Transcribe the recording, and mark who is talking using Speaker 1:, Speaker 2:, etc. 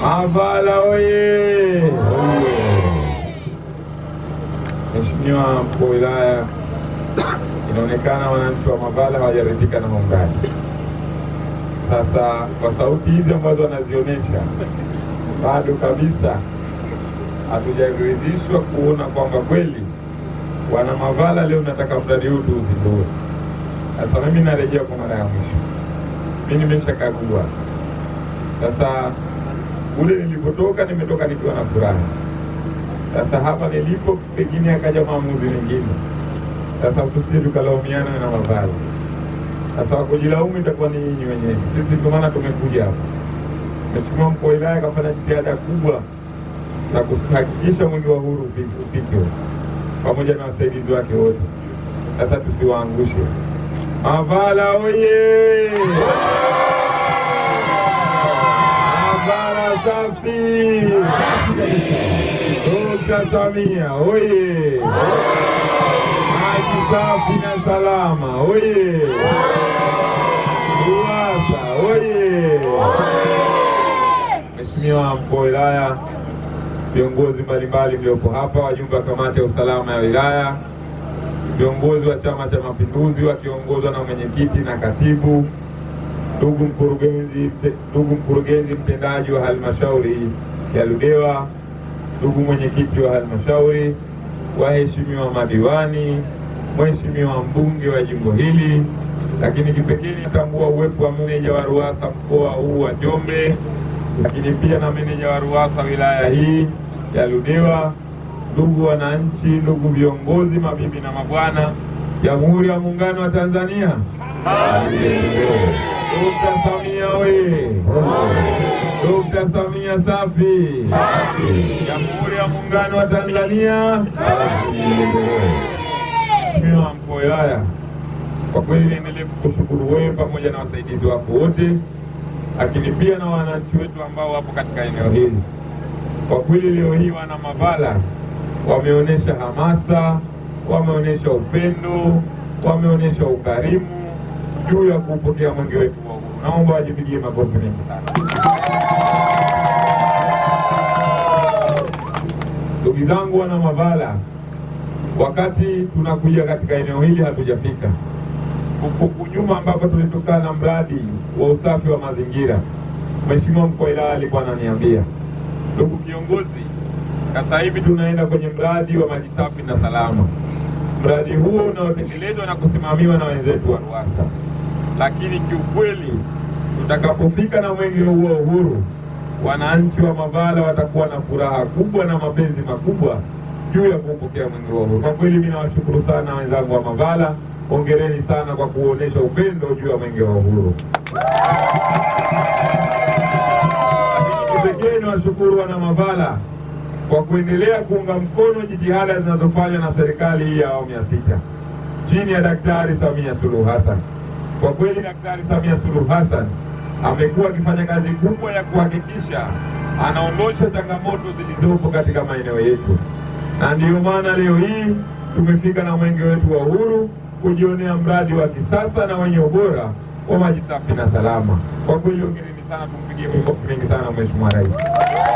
Speaker 1: Mavala oye! Mheshimiwa mkuu wa wilaya, inaonekana wananchi wa Mavala hawajaridhika na muungano. Sasa kwa sauti hizi ambazo wanazionyesha, bado kabisa hatujaridhishwa kuona kwamba kweli wana Mavala leo nataka mradi huu tuuzindue. Sasa mimi narejea kwa mara ya mwisho, mi nimeshakagua sasa kule nilipotoka nimetoka nikiwa na furaha, sasa hapa nilipo pengine akaja maamuzi mengine. Sasa tusije tukalaumiana na mavazi. Sasa wakujilaumu itakuwa ni nyinyi wenyewe, sisi ndio maana tumekuja hapa. Mheshimiwa mkuu wa wilaya akafanya jitihada kubwa na kuhakikisha mwenge wa uhuru upike pamoja na wasaidizi wake wote. Sasa tusiwaangushe. Mavala oye! Dada Samia oye! Maji safi na salama oye! Ruwasa oye! Mheshimiwa mkuu wa wilaya, viongozi mbalimbali mliopo hapa, wajumbe wa kamati ya usalama ya wilaya, viongozi wa Chama cha Mapinduzi wakiongozwa na mwenyekiti na katibu, ndugu mkurugenzi, ndugu mkurugenzi mtendaji wa halmashauri ya Ludewa ndugu mwenyekiti wa halmashauri, waheshimiwa madiwani, mheshimiwa mbunge wa jimbo hili, lakini kipekee nitambua uwepo wa meneja wa RUWASA mkoa huu wa Njombe, lakini pia na meneja wa RUWASA wilaya hii ya Ludewa. Ndugu wananchi, ndugu viongozi, mabibi na mabwana, Jamhuri ya Muungano wa Tanzania. Dokta Samia oye! Dokta Samia safi! Jamhuri ya Muungano wa Tanzania!
Speaker 2: Mheshimiwa
Speaker 1: Mkuu wa Wilaya, kwa kweli niendelee kukushukuru wewe pamoja na wasaidizi wako wote, lakini pia na wananchi wetu ambao wapo katika eneo hili. Kwa kweli leo hii wana Mavala wameonyesha hamasa, wameonyesha upendo, wameonyesha ukarimu juu ya kuupokea mwenge wetu naomba wajipigie makofi mengi sana. Ndugu zangu wana Mavala, wakati tunakuja katika eneo hili hatujafika huku nyuma, ambapo tulitokana na mradi wa usafi wa mazingira. Mheshimiwa mkuu wa wilaya alikuwa ananiambia, ndugu kiongozi, sasa hivi tunaenda kwenye mradi wa maji safi na salama. Mradi huo unaotekelezwa na kusimamiwa na wenzetu wa RUWASA lakini kiukweli tutakapofika na mwenge huo wa uhuru, wananchi wa Mavala watakuwa na furaha kubwa na mapenzi makubwa juu ya kuupokea mwenge wa uhuru. Kwa kweli mimi nawashukuru sana wenzangu wa Mavala, hongereni sana kwa kuonyesha upendo juu ya mwenge wa uhuru. Pekee ni washukuru wana Mavala kwa kuendelea kuunga mkono jitihada zinazofanywa na serikali hii ya awamu ya sita chini ya Daktari Samia Suluhu Hassan. Kwa kweli Daktari Samia Suluhu Hassan amekuwa akifanya kazi kubwa ya kuhakikisha anaondosha changamoto zilizopo katika maeneo yetu, na ndiyo maana leo hii tumefika na mwenge wetu wa uhuru kujionea mradi wa kisasa na wenye ubora wa maji safi na salama. Kwa kweli, ongereni sana, tumpigie makofi mengi sana Mheshimiwa Rais.